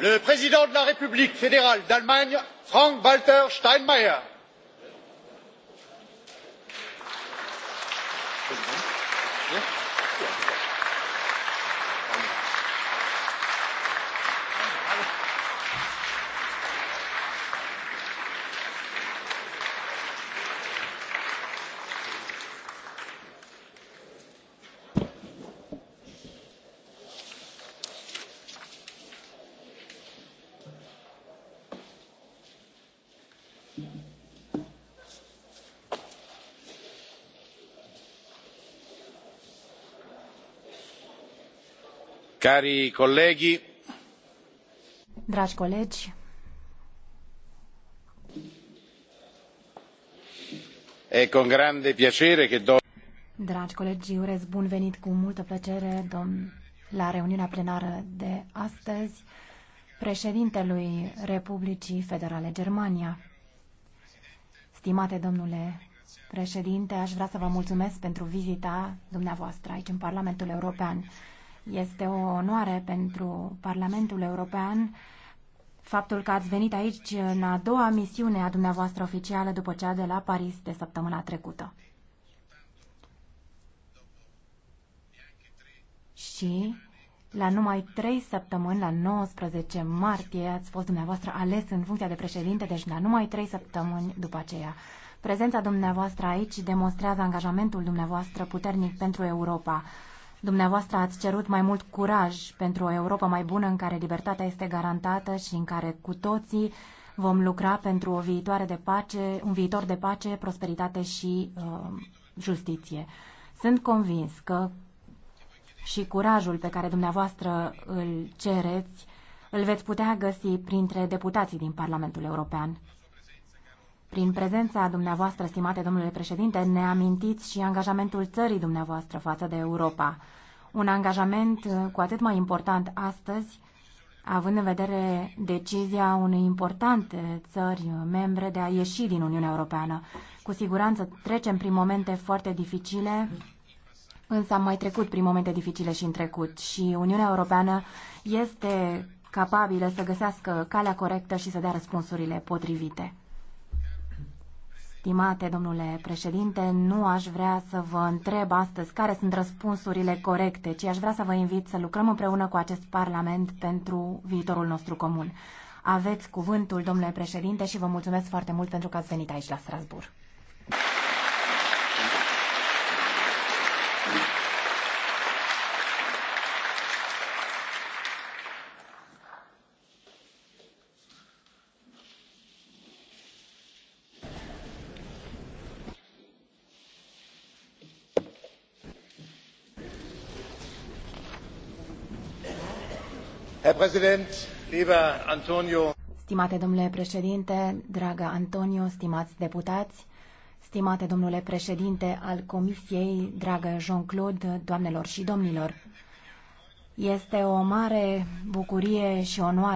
le président de la république fédérale d'allemagne frank walter steinmeier Cari colleghi, dragi colegi, e con grande piacere che do... Dragi colegi, urez bun venit cu multă plăcere domn, la reuniunea plenară de astăzi președintelui Republicii Federale Germania. Stimate domnule președinte, aș vrea să vă mulțumesc pentru vizita dumneavoastră aici în Parlamentul European. Este o onoare pentru Parlamentul European faptul că ați venit aici în a doua misiune a dumneavoastră oficială după cea de la Paris de săptămâna trecută. Și la numai trei săptămâni, la 19 martie, ați fost dumneavoastră ales în funcția de președinte, deci la numai trei săptămâni după aceea. Prezența dumneavoastră aici demonstrează angajamentul dumneavoastră puternic pentru Europa. Dumneavoastră ați cerut mai mult curaj pentru o Europa mai bună în care libertatea este garantată și în care cu toții vom lucra pentru o viitoare de pace, un viitor de pace, prosperitate și uh, justiție. Sunt convins că și curajul pe care dumneavoastră îl cereți îl veți putea găsi printre deputații din Parlamentul European. Prin prezența dumneavoastră, stimate domnule președinte, ne amintiți și angajamentul țării dumneavoastră față de Europa un angajament uh, cu atât mai important astăzi, având în vedere decizia unei importante țări uh, membre de a ieși din Uniunea Europeană. Cu siguranță trecem prin momente foarte dificile, însă am mai trecut prin momente dificile și în trecut și Uniunea Europeană este capabilă să găsească calea corectă și să dea răspunsurile potrivite. Stimate domnule președinte, nu aș vrea să vă întreb astăzi care sunt răspunsurile corecte, ci aș vrea să vă invit să lucrăm împreună cu acest Parlament pentru viitorul nostru comun. Aveți cuvântul, domnule președinte, și vă mulțumesc foarte mult pentru că ați venit aici la Strasbourg. Stimate domnule președinte, dragă Antonio, stimați deputați, stimate domnule președinte al Comisiei, dragă Jean-Claude, doamnelor și domnilor, este o mare bucurie și onoare